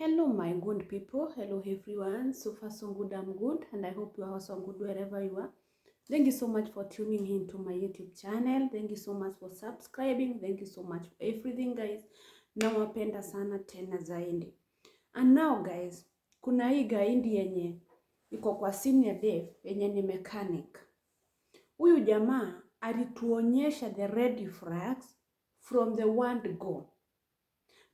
Hello, my good people. Hello, everyone. So far, so good. I'm good, and I hope you are also good wherever you are. Thank you so much for tuning in to my YouTube channel. Thank you so much for subscribing. Thank you so much for everything guys. Nawapenda sana tena zaidi. And now guys, kuna hii gaindi yenye iko kwa senior dev yenye ni mechanic. Huyu jamaa alituonyesha the red flags from the word go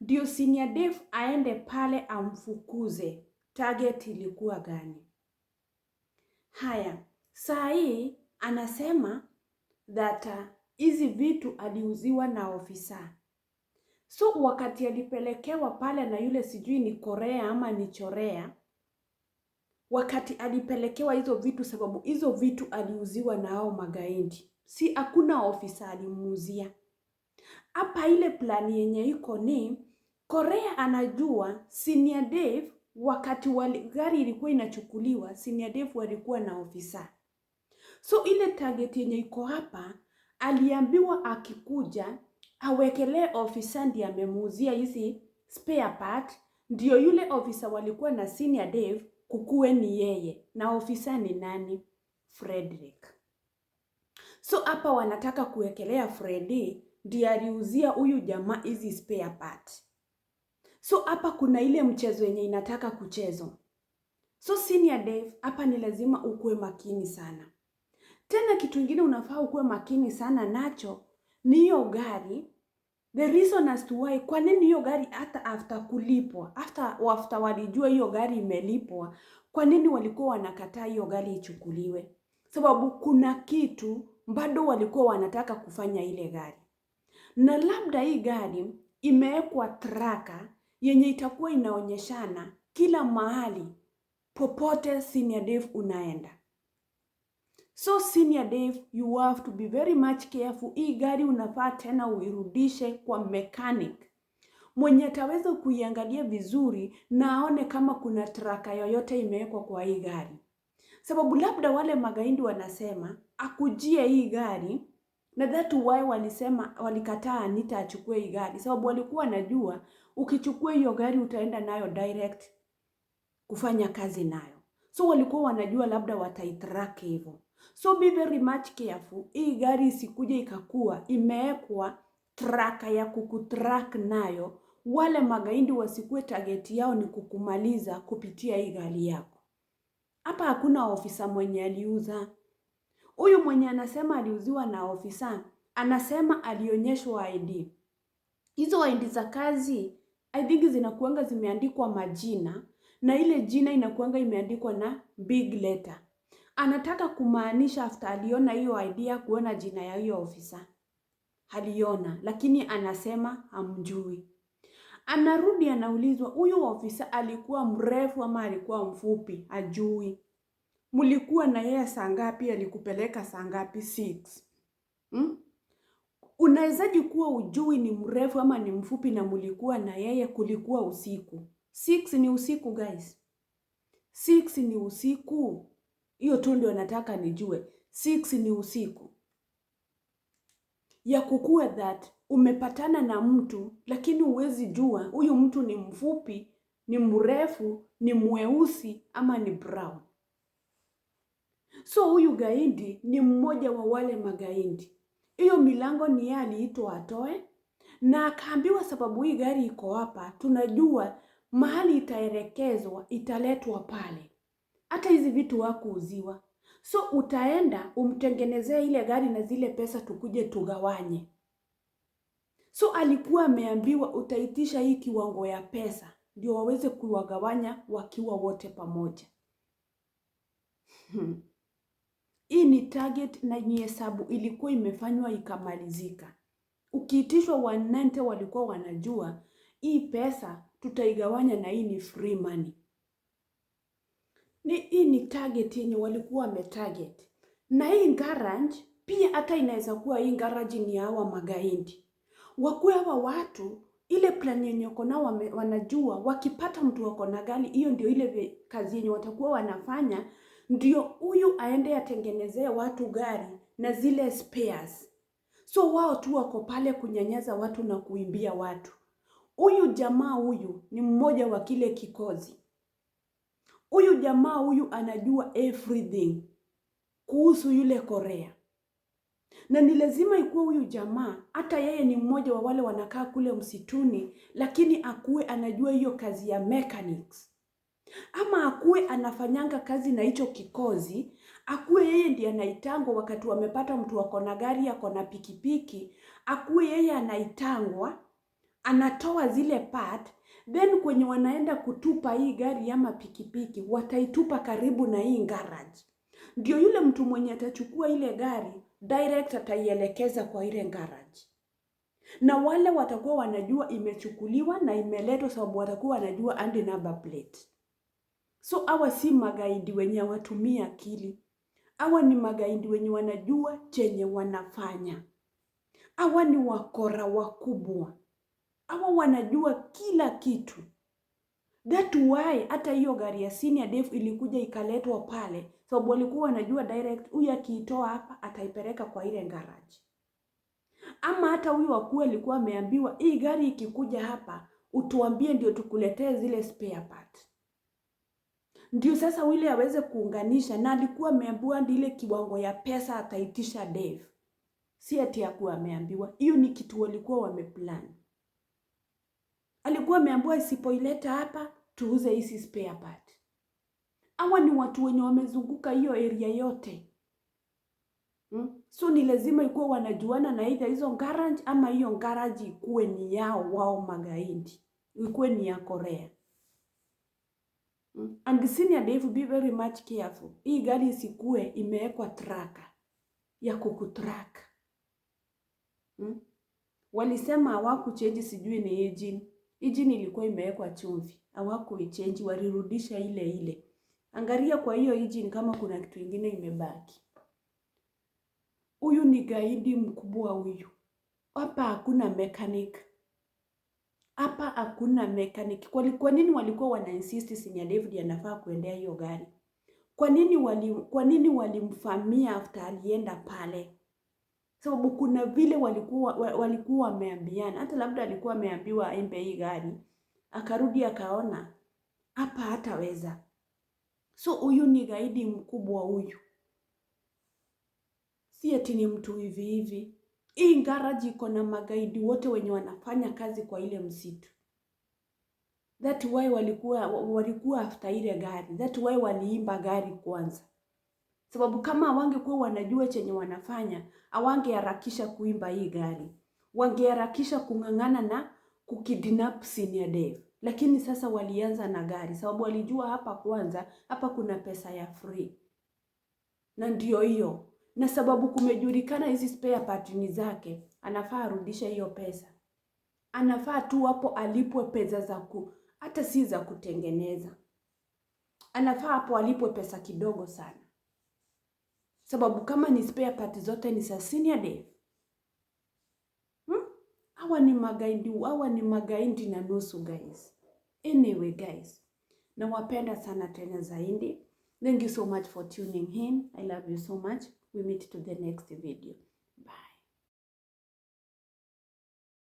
ndio senior dev aende pale amfukuze. Target ilikuwa gani? Haya, saa hii anasema that uh, hizi uh, vitu aliuziwa na ofisa. So wakati alipelekewa pale na yule sijui ni Korea ama ni Chorea, wakati alipelekewa hizo vitu, sababu hizo vitu aliuziwa na hao magaidi, si hakuna ofisa alimuuzia hapa. Ile plani yenye iko ni Korea anajua senior Dave wakati wali, gari ilikuwa inachukuliwa senior Dave walikuwa na ofisa. So ile target yenye iko hapa aliambiwa akikuja awekelee ofisa ndiye amemuuzia hizi spare part, ndio yule ofisa walikuwa na senior Dave kukuwe ni yeye na ofisa ni nani? Frederick. So hapa wanataka kuwekelea Freddy ndiye aliuzia huyu jamaa hizi spare part. So hapa kuna ile mchezo yenye inataka kuchezwa. So senior dev, hapa ni lazima ukuwe makini sana. Tena kitu ingine unafaa ukuwe makini sana nacho ni hiyo gari. The reason as to why, kwa nini hiyo gari hata after kulipwa, after after walijua hiyo gari imelipwa, kwa nini walikuwa wanakataa hiyo gari ichukuliwe? Sababu kuna kitu bado walikuwa wanataka kufanya ile gari, na labda hii gari imewekwa traka yenye itakuwa inaonyeshana kila mahali popote senior dev unaenda. So senior dev, you have to be very much careful. Hii gari unafaa tena uirudishe kwa mechanic mwenye ataweza kuiangalia vizuri na aone kama kuna traka yoyote imewekwa kwa hii gari, sababu labda wale magaindi wanasema akujie hii gari na that why walisema walikataa Anita achukue hii gari, sababu walikuwa najua ukichukua hiyo gari utaenda nayo direct kufanya kazi nayo, so walikuwa wanajua labda wataitrack hivyo. So be very much careful, hii gari isikuja ikakuwa imewekwa traka ya kukutrack nayo. Wale magaidi wasikue target yao ni kukumaliza kupitia hii gari yako. Hapa hakuna ofisa mwenye aliuza Huyu mwenye anasema aliuziwa na ofisa anasema alionyeshwa ID. Hizo ID za kazi I think zinakuanga zimeandikwa majina na ile jina inakuanga imeandikwa na big letter. Anataka kumaanisha after aliona hiyo ID kuona jina ya hiyo ofisa aliona, lakini anasema hamjui. Anarudi anaulizwa, huyu ofisa alikuwa mrefu ama alikuwa mfupi? Ajui mlikuwa na yeye saa ngapi? Alikupeleka saa ngapi? six hmm? Unawezaji kuwa ujui ni mrefu ama ni mfupi, na mulikuwa na yeye kulikuwa usiku. Six ni usiku guys, six ni usiku. Hiyo tu ndio nataka nijue, six ni usiku ya kukua that umepatana na mtu lakini uwezi jua huyu mtu ni mfupi, ni mrefu, ni mweusi ama ni brown. So huyu gaidi ni mmoja wa wale magaidi. Hiyo milango ni yeye aliitwa atoe, na akaambiwa sababu hii gari iko hapa, tunajua mahali itaelekezwa, italetwa pale. Hata hizi vitu hakuuziwa, so utaenda umtengenezee ile gari na zile pesa tukuje tugawanye. So alikuwa ameambiwa utaitisha hii kiwango ya pesa ndio waweze kuwagawanya wakiwa wote pamoja. Hmm. Hii ni target na ni hesabu ilikuwa imefanywa ikamalizika. Ukiitishwa wanente walikuwa wanajua hii pesa tutaigawanya na hii ni free money. Ni hii ni target yenye walikuwa wametarget. Na hii garage pia hata inaweza kuwa hii garage ni hawa magaidi. Wakuwa hawa watu ile plan yenye wako nao wanajua wakipata mtu wako na gari, hiyo ndio ile kazi yenye watakuwa wanafanya ndio huyu aende atengenezee watu gari na zile spares. So wao tu wako pale kunyanyaza watu na kuimbia watu. Huyu jamaa huyu ni mmoja wa kile kikozi. Huyu jamaa huyu anajua everything kuhusu yule Korea, na ni lazima ikuwe huyu jamaa, hata yeye ni mmoja wa wale wanakaa kule msituni, lakini akuwe anajua hiyo kazi ya mechanics ama akuwe anafanyanga kazi na hicho kikozi, akuwe yeye ndiye anaitangwa wakati wamepata mtu ako na gari ako na pikipiki, akuwe yeye anaitangwa, anatoa zile part, then kwenye wanaenda kutupa hii gari ama pikipiki, wataitupa karibu na hii garage, ndio yule mtu mwenye atachukua ile gari direct ataielekeza kwa ile garage na wale watakuwa wanajua imechukuliwa na imeletwa, sababu watakuwa wanajua andi number plate. So hawa si magaidi wenye hawatumia akili, hawa ni magaidi wenye wanajua chenye wanafanya. Hawa ni wakora wakubwa, hawa wanajua kila kitu. That why hata hiyo gari ya senior Dave ilikuja ikaletwa pale, sababu so, walikuwa wanajua direct, huyu akiitoa hapa ataipeleka kwa ile garage, ama hata huyu wakuu alikuwa ameambiwa hii gari ikikuja hapa utuambie, ndio tukuletee zile spare part ndio sasa Willy aweze kuunganisha, na alikuwa ameambiwa ile kiwango ya pesa ataitisha Dave, si ati akuwa ameambiwa. Hiyo ni kitu walikuwa wameplan. Alikuwa ameambiwa isipoileta hapa tuuze hizi spare part. Hawa ni watu wenye wamezunguka hiyo area yote hmm? So ni lazima ikuwa wanajuana na either hizo garage ama hiyo garage ikuwe ni yao wao magaidi, ikuwe ni ya Korea. And senior dev, be very much careful. Hii gari isikue imewekwa tracker ya kukutrack. Hmm? Walisema hawakuchange sijui ni engine. Engine ilikuwa imewekwa chumvi. Hawakuichange, walirudisha ile ile. Angalia kwa hiyo engine kama kuna kitu ingine imebaki. Huyu ni gaidi mkubwa huyu. Hapa hakuna mechanic hapa hakuna mechanic. Kwa, kwa nini walikuwa wana insist Senior David anafaa kuendea hiyo gari? Kwa nini wali kwa nini walimfamia after alienda pale? Sababu so, kuna vile walikuwa walikuwa wameambiana, hata labda alikuwa ameambiwa aembe hii gari, akarudi akaona hapa hataweza. So huyu ni gaidi mkubwa huyu, si ati ni mtu hivi hivi. Hii ngaraji iko na magaidi wote wenye wanafanya kazi kwa ile msitu. That why walikuwa walikuwa after ile gari. That why waliimba gari kwanza, sababu kama wangekuwa wanajua chenye wanafanya awangeharakisha kuimba hii gari, wangeharakisha kung'ang'ana na kukidnap senior Dev. Lakini sasa walianza na gari sababu walijua hapa kwanza, hapa kuna pesa ya free, na ndio hiyo na sababu kumejulikana hizi spare part ni zake, anafaa arudishe hiyo pesa. Anafaa tu hapo alipwe pesa za ku, hata si za kutengeneza, anafaa hapo alipwe pesa kidogo sana, sababu kama ni spare part zote ni za senior day hmm? hawa ni magaidi hawa ni magaidi na nusu guys. Anyway guys, nawapenda sana tena zaidi. Thank you so much for tuning in. I love you so much we meet to the next video.